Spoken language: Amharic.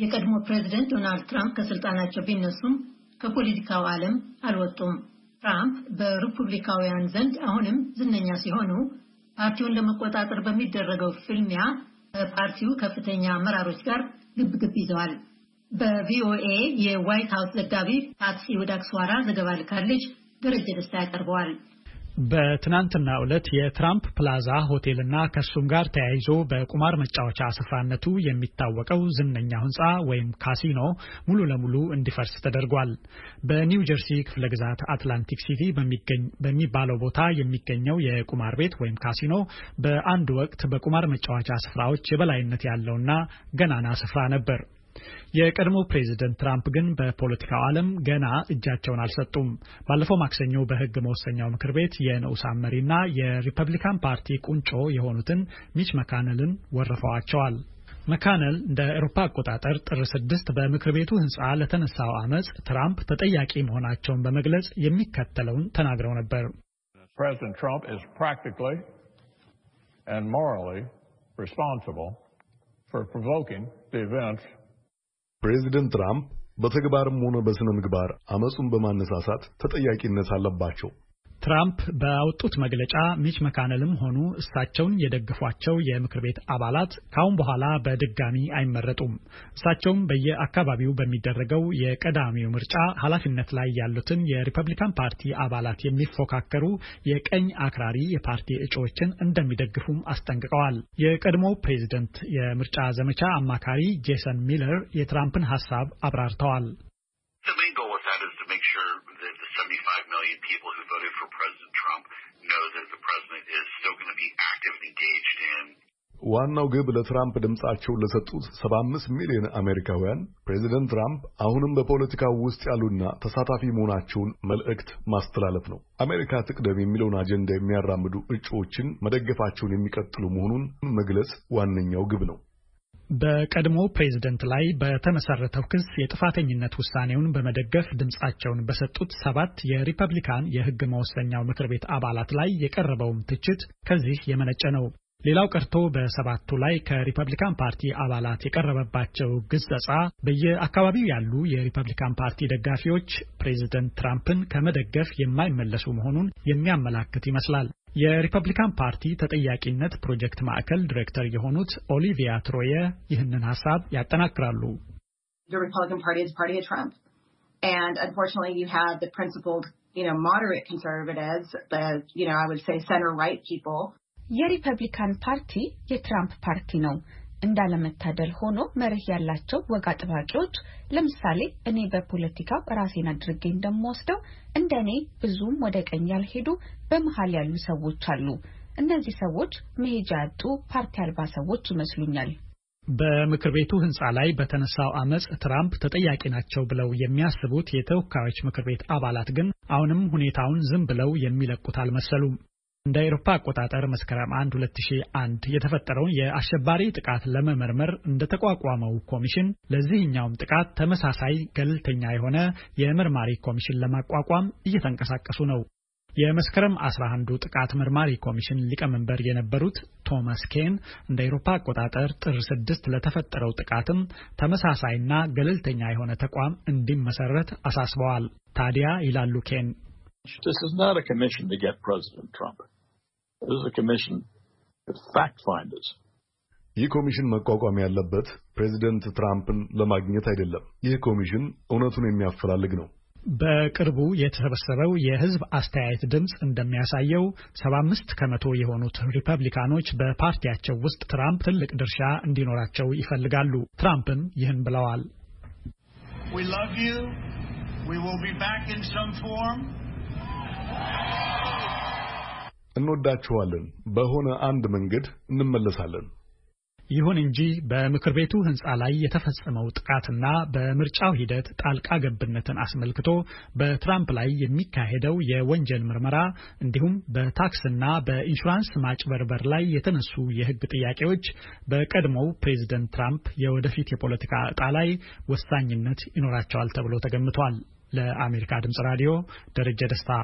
የቀድሞ ፕሬዚደንት ዶናልድ ትራምፕ ከስልጣናቸው ቢነሱም ከፖለቲካው ዓለም አልወጡም። ትራምፕ በሪፑብሊካውያን ዘንድ አሁንም ዝነኛ ሲሆኑ ፓርቲውን ለመቆጣጠር በሚደረገው ፍልሚያ ከፓርቲው ከፍተኛ አመራሮች ጋር ግብግብ ይዘዋል። በቪኦኤ የዋይት ሀውስ ዘጋቢ ፓትሲ ወዳክስዋራ ዘገባ ልካለች። ደረጀ ደስታ ያቀርበዋል። በትናንትና ዕለት የትራምፕ ፕላዛ ሆቴልና ከሱም ጋር ተያይዞ በቁማር መጫወቻ ስፍራነቱ የሚታወቀው ዝነኛ ህንፃ ወይም ካሲኖ ሙሉ ለሙሉ እንዲፈርስ ተደርጓል። በኒው ጀርሲ ክፍለ ግዛት አትላንቲክ ሲቲ በሚባለው ቦታ የሚገኘው የቁማር ቤት ወይም ካሲኖ በአንድ ወቅት በቁማር መጫወቻ ስፍራዎች የበላይነት ያለውና ገናና ስፍራ ነበር። የቀድሞ ፕሬዚደንት ትራምፕ ግን በፖለቲካው ዓለም ገና እጃቸውን አልሰጡም። ባለፈው ማክሰኞ በሕግ መወሰኛው ምክር ቤት የንዑሳን መሪና የሪፐብሊካን ፓርቲ ቁንጮ የሆኑትን ሚች መካነልን ወርፈዋቸዋል። መካነል እንደ አውሮፓ አቆጣጠር ጥር ስድስት በምክር ቤቱ ህንፃ ለተነሳው አመፅ ትራምፕ ተጠያቂ መሆናቸውን በመግለጽ የሚከተለውን ተናግረው ነበር። ፕሬዚደንት ትራምፕ ፕሬዚደንት ትራምፕ በተግባርም ሆነ በሥነ ምግባር አመፁን በማነሳሳት ተጠያቂነት አለባቸው ትራምፕ በወጡት መግለጫ ሚች መካነልም ሆኑ እሳቸውን የደገፏቸው የምክር ቤት አባላት ካሁን በኋላ በድጋሚ አይመረጡም። እሳቸውም በየአካባቢው በሚደረገው የቀዳሚው ምርጫ ኃላፊነት ላይ ያሉትን የሪፐብሊካን ፓርቲ አባላት የሚፎካከሩ የቀኝ አክራሪ የፓርቲ እጩዎችን እንደሚደግፉም አስጠንቅቀዋል። የቀድሞው ፕሬዚደንት የምርጫ ዘመቻ አማካሪ ጄሰን ሚለር የትራምፕን ሀሳብ አብራርተዋል። that is to make sure that the 75 million people who voted for President Trump know that the president is still going to be active and engaged in ዋናው ግብ ለትራምፕ ድምጻቸውን ለሰጡት 75 ሚሊዮን አሜሪካውያን ፕሬዚደንት ትራምፕ አሁንም በፖለቲካው ውስጥ ያሉና ተሳታፊ መሆናቸውን መልእክት ማስተላለፍ ነው። አሜሪካ ትቅደም የሚለውን አጀንዳ የሚያራምዱ እጩዎችን መደገፋቸውን የሚቀጥሉ መሆኑን መግለጽ ዋነኛው ግብ ነው። በቀድሞ ፕሬዝደንት ላይ በተመሰረተው ክስ የጥፋተኝነት ውሳኔውን በመደገፍ ድምፃቸውን በሰጡት ሰባት የሪፐብሊካን የሕግ መወሰኛው ምክር ቤት አባላት ላይ የቀረበውም ትችት ከዚህ የመነጨ ነው። ሌላው ቀርቶ በሰባቱ ላይ ከሪፐብሊካን ፓርቲ አባላት የቀረበባቸው ግጸጻ በየአካባቢው ያሉ የሪፐብሊካን ፓርቲ ደጋፊዎች ፕሬዝደንት ትራምፕን ከመደገፍ የማይመለሱ መሆኑን የሚያመላክት ይመስላል። የሪፐብሊካን ፓርቲ ተጠያቂነት ፕሮጀክት ማዕከል ዲሬክተር የሆኑት ኦሊቪያ ትሮየ ይህንን ሀሳብ ያጠናክራሉ። የሪፐብሊካን ፓርቲ የትራምፕ ፓርቲ ነው። እንዳለመታደል ሆኖ መርህ ያላቸው ወግ አጥባቂዎች ለምሳሌ እኔ በፖለቲካ ራሴን አድርጌ እንደምወስደው እንደ እኔ ብዙም ወደ ቀኝ ያልሄዱ በመሀል ያሉ ሰዎች አሉ። እነዚህ ሰዎች መሄጃ ያጡ ፓርቲ አልባ ሰዎች ይመስሉኛል። በምክር ቤቱ ህንፃ ላይ በተነሳው አመፅ ትራምፕ ተጠያቂ ናቸው ብለው የሚያስቡት የተወካዮች ምክር ቤት አባላት ግን አሁንም ሁኔታውን ዝም ብለው የሚለቁት አልመሰሉም። እንደ አውሮፓ አቆጣጠር መስከረም 1 2001 የተፈጠረውን የአሸባሪ ጥቃት ለመመርመር እንደተቋቋመው ኮሚሽን ለዚህኛውም ጥቃት ተመሳሳይ ገለልተኛ የሆነ የመርማሪ ኮሚሽን ለማቋቋም እየተንቀሳቀሱ ነው። የመስከረም 11ዱ ጥቃት መርማሪ ኮሚሽን ሊቀመንበር የነበሩት ቶማስ ኬን እንደ አውሮፓ አቆጣጠር ጥር 6 ለተፈጠረው ጥቃትም ተመሳሳይና ገለልተኛ የሆነ ተቋም እንዲመሰረት አሳስበዋል። ታዲያ ይላሉ ኬን ይህ ኮሚሽን መቋቋም ያለበት ፕሬዚደንት ትራምፕን ለማግኘት አይደለም። ይህ ኮሚሽን እውነቱን የሚያፈላልግ ነው። በቅርቡ የተሰበሰበው የሕዝብ አስተያየት ድምፅ እንደሚያሳየው 75 ከመቶ የሆኑት ሪፐብሊካኖች በፓርቲያቸው ውስጥ ትራምፕ ትልቅ ድርሻ እንዲኖራቸው ይፈልጋሉ። ትራምፕም ይህን ብለዋል። We love you. We will be back in some form. እንወዳችኋለን። በሆነ አንድ መንገድ እንመለሳለን። ይሁን እንጂ በምክር ቤቱ ሕንፃ ላይ የተፈጸመው ጥቃትና በምርጫው ሂደት ጣልቃ ገብነትን አስመልክቶ በትራምፕ ላይ የሚካሄደው የወንጀል ምርመራ እንዲሁም በታክስና በኢንሹራንስ ማጭበርበር ላይ የተነሱ የሕግ ጥያቄዎች በቀድሞው ፕሬዚደንት ትራምፕ የወደፊት የፖለቲካ ዕጣ ላይ ወሳኝነት ይኖራቸዋል ተብሎ ተገምቷል። ለአሜሪካ ድምጽ ራዲዮ ደረጀ ደስታ